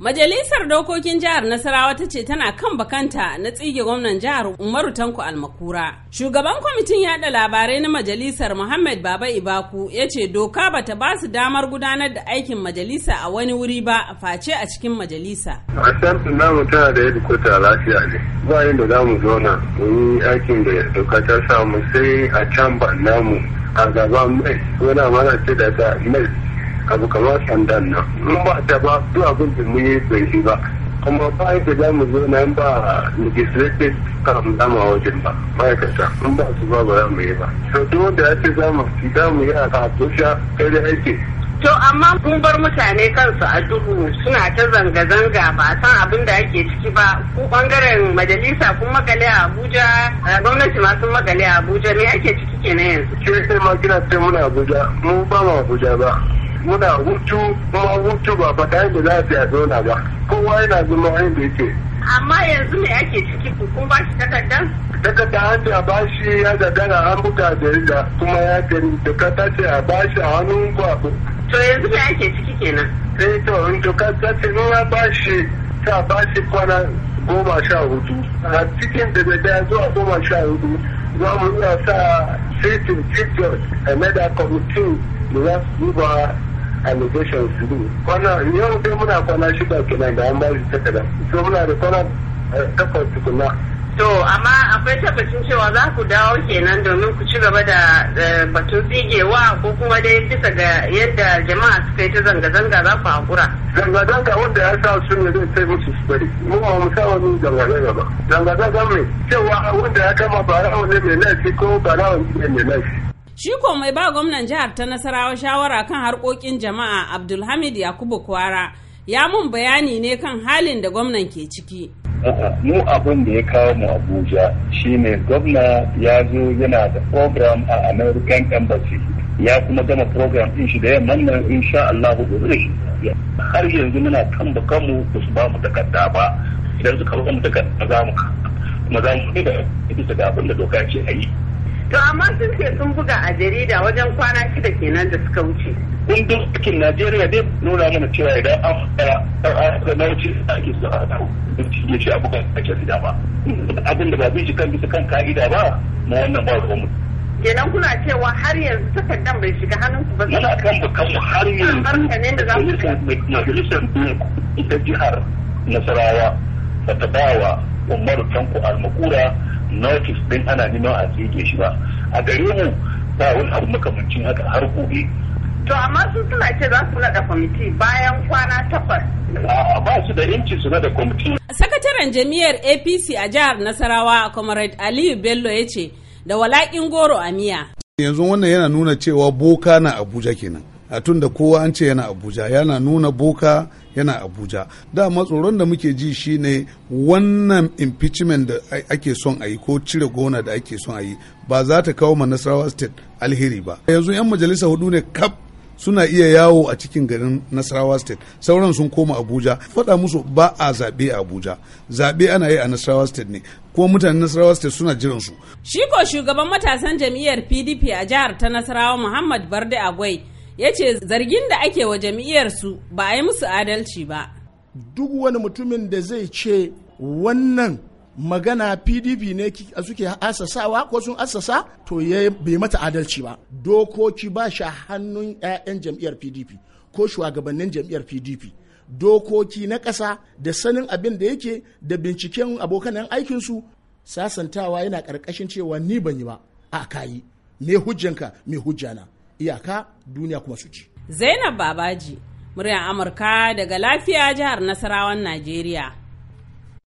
Majalisar Dokokin Jihar Nasarawa ta ce tana kan bakanta na tsige gwamnan jihar Umaru Tanko Almakura. Shugaban kwamitin yada labarai na majalisar Muhammad Baba Ibaku ya ce doka bata ba su damar gudanar da aikin majalisa a wani wuri ba face a cikin majalisa. Asambin namu tana da yadda lafiya ne. Ba yadda za mu zauna mu aikin da doka ta samu sai a can ba namu a gaban mai. Wani amana ce da ta mai abu kamar sandan nan mun ba ta ba duk abin da mun yi bai yi ba kuma ba yadda za mu zo nan ba legislative kam dama wajen ba ma'aikata Mun ba su ba ba za mu yi ba to duk wanda ya ce za mu za mu yi a katosha kai da aiki To amma kun bar mutane kansu a duhu suna ta zanga-zanga ba a san abin da ake ciki ba ku bangaren majalisa kun makale a Abuja eh, gwamnati ma sun makale a Abuja me ake ciki kenan yanzu. Ke sai ma kina ce muna Abuja mu ba mu Abuja ba. muna hutu kuma hutu ba faɗa da za su a zauna ba kowa yana zama inda yake amma yanzu me ake ciki kun ba shi takardar takarda an da ba shi ya gagara an buga jarida kuma ya gani da ka tace a ba shi a hannun kwabu to yanzu me ake ciki kenan eh to in to ka tace in ya ba shi ta ba shi kwana goma sha hudu a cikin da da zuwa goma sha hudu za mu iya sa sitin pictures a meda committee da za su duba allegations su kwana yau dai muna kwana shida kenan da an ba shi takarda so muna da kwana eh, takwas tukuna to amma akwai tabbacin cewa za ku dawo kenan domin ku ci gaba da eh, batun tsigewa ko kuma dai bisa ga yadda jama'a suka yi ta zanga-zanga za ku haƙura. zanga-zanga wanda ya sa su ne zai sai musu su bari mu ba mu sa wani zanga-zanga ba zanga-zanga mai cewa wanda ya kama barawo ne mai laifi ko barawo ne mai laifi Shi ko mai ba gwamnan jihar ta Nasarawa shawara kan harkokin jama'a Abdulhamid Yakubu Kwara ya mun bayani ne kan halin da gwamnan ke ciki. mu abin da ya kawo mu Abuja shine gwamna ya zo yana da program a American Embassy ya kuma gama program din shi da yamman nan insha Allah gobe da shi har yanzu muna kan kanmu ba su ba mu takarda ba idan suka ba mu takarda za mu kuma za mu da ita da abin da doka ce a yi To amma sun ce sun buga a jarida wajen kwana shida kenan da suka wuce. Kun cikin Najeriya dai nuna mana cewa idan an fara da nauci a ake zuwa a ya shi a kan ake jarida ba. Abin da ba bi shi kan bisa kan ka'ida ba na wannan ba ruwanmu. Kenan kuna cewa har yanzu takardan bai shiga hannun ku ba. Muna kan bukan har yanzu. Kan da za ku Majalisar Duk jihar Nasarawa ba taɓa wa umaru tanko almakura notice ɗin ana neman a tsige shi ba a gare mu ba wani abu makamancin haka har gobe to amma sun suna ce za su naɗa kwamiti bayan kwana takwas a ba su da yanci su naɗa kwamiti sakataren jami'ar apc a jihar nasarawa comrade aliyu bello ya ce da walaƙin goro a miya yanzu wannan yana nuna cewa boka na abuja kenan a tun da kowa an ce yana abuja yana nuna boka yana abuja dama tsoron da muke ji shine wannan impeachment da ake son a yi ko cire gona da ake son a yi ba za ta kawo ma nasarawa state alheri ba yanzu 'yan majalisa hudu ne kap suna iya yawo a cikin garin nasarawa state sauran sun koma abuja faɗa musu ba a zaɓe a abuja zaɓe ana yi a nasarawa state ne kuma mutanen nasarawa state suna jiran su shi ko shugaban matasan jam'iyyar pdp a jihar ta nasarawa muhammad barde agwai ya ce zargin da ake wa jam'iyyarsu ba a yi musu adalci ba duk wani mutumin da zai ce wannan magana pdp ne a suke asasawa ko sun asasa to ya bai mata adalci ba dokoki ba shi hannun 'ya'yan jam'iyyar pdp ko shugabannin jam'iyyar pdp dokoki na ƙasa da sanin abin da yake da binciken abokanan aikinsu sasantawa yana ƙarƙashin cewa ni ban yi ba a kayi me hujjanka me hujjana iyaka duniya kuma su ci zainab babaji muryar amurka daga lafiya jihar nasarawan najeriya